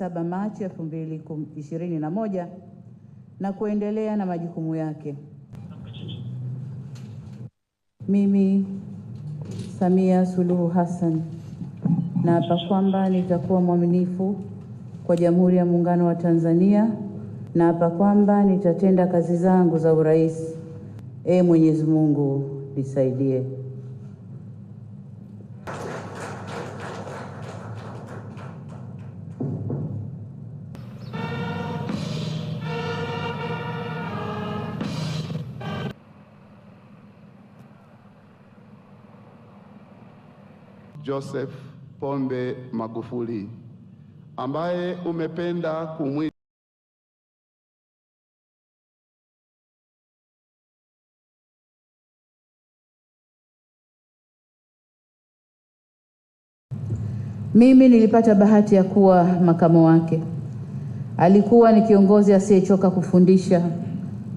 saba Machi ishirini na kuendelea na majukumu yake. Mimi Samia Suluhu Hassan naapa kwamba nitakuwa mwaminifu kwa Jamhuri ya Muungano wa Tanzania. hapa kwamba nitatenda kazi zangu za urais. Ee Mwenyezi Mungu nisaidie. Joseph Pombe Magufuli ambaye umependa kumwi Mimi nilipata bahati ya kuwa makamo wake. Alikuwa ni kiongozi asiyechoka kufundisha,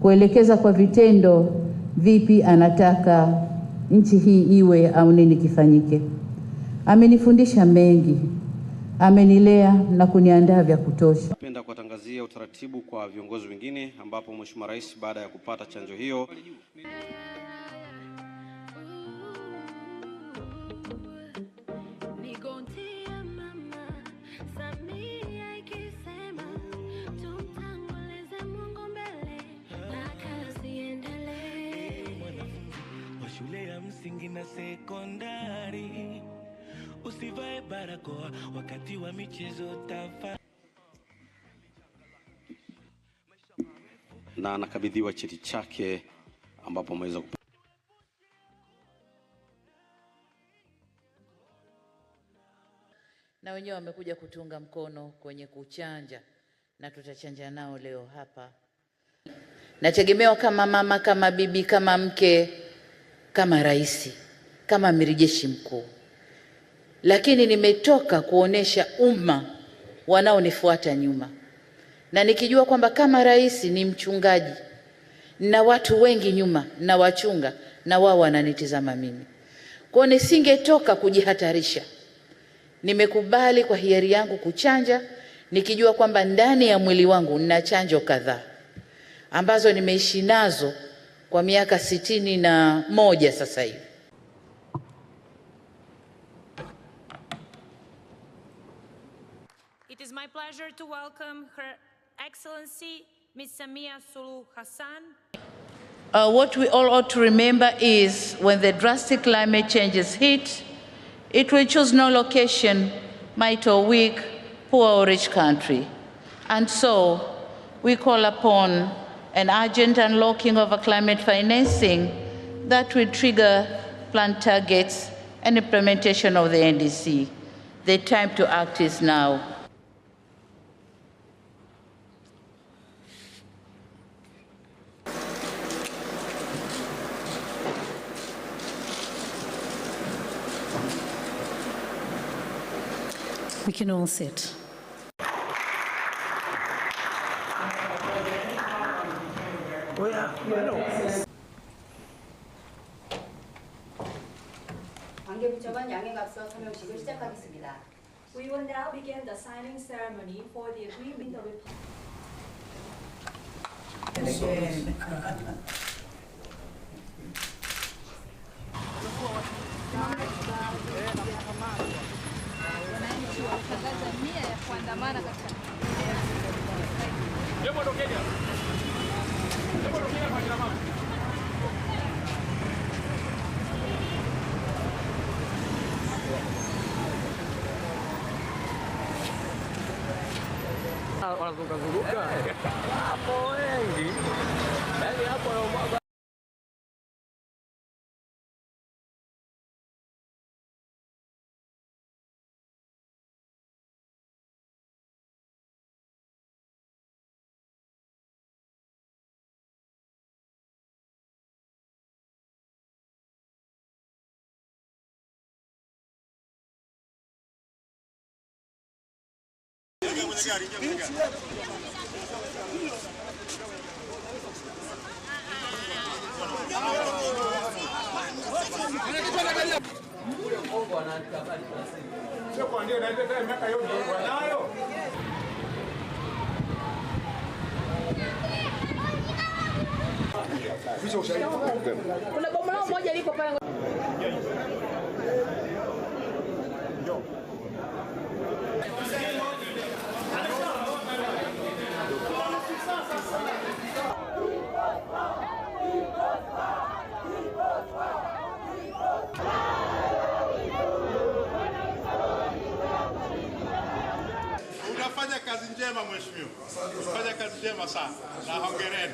kuelekeza kwa vitendo, vipi anataka nchi hii iwe au nini kifanyike. Amenifundisha mengi, amenilea na kuniandaa vya kutosha. Napenda kuwatangazia utaratibu kwa viongozi wengine, ambapo Mheshimiwa Rais baada ya kupata chanjo hiyo shule ya msingi na sekondari usivae barakoa wakati wa michezo tafa. Na anakabidhiwa cheti chake ambapo ameweza na wenyewe wamekuja kutunga mkono kwenye kuchanja na tutachanja nao leo hapa. Nategemewa kama mama, kama bibi, kama mke, kama rais, kama mrijeshi mkuu lakini nimetoka kuonesha umma wanaonifuata nyuma, na nikijua kwamba kama rais ni mchungaji na watu wengi nyuma na wachunga na wao wananitizama mimi, kwa nisingetoka kujihatarisha. Nimekubali kwa hiari yangu kuchanja nikijua kwamba ndani ya mwili wangu nina chanjo kadhaa ambazo nimeishi nazo kwa miaka sitini na moja sasa hivi. pleasure to welcome Her Excellency Ms. Samia Sulu Hassan. Uh, what we all ought to remember is when the drastic climate changes hit, it will choose no location, might or weak, poor or rich country. And so we call upon an urgent unlocking of climate financing that will trigger plan targets and implementation of the NDC. The time to act is now. We can all sit. w e w i l l now begin the signing ceremony for the agreement of. mía Juan Yo por lo que ella. Yo lo que ella para que Kuna bomola moja liko pale. Fanya kazi njema sana na hongereni.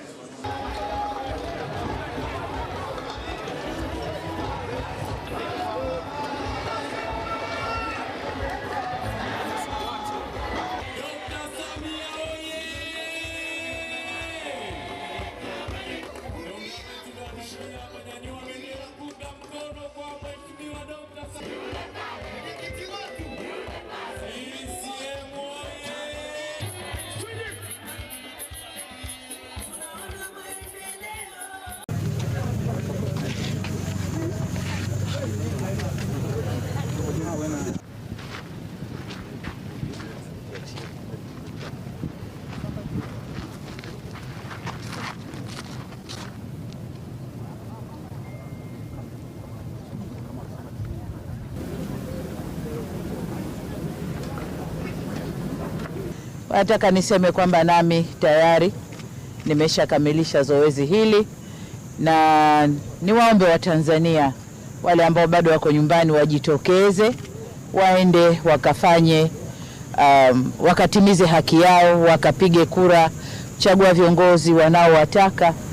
Nataka niseme kwamba nami tayari nimeshakamilisha zoezi hili, na niwaombe Watanzania wale ambao bado wako nyumbani wajitokeze, waende wakafanye um, wakatimize haki yao, wakapige kura, chagua viongozi wanaowataka.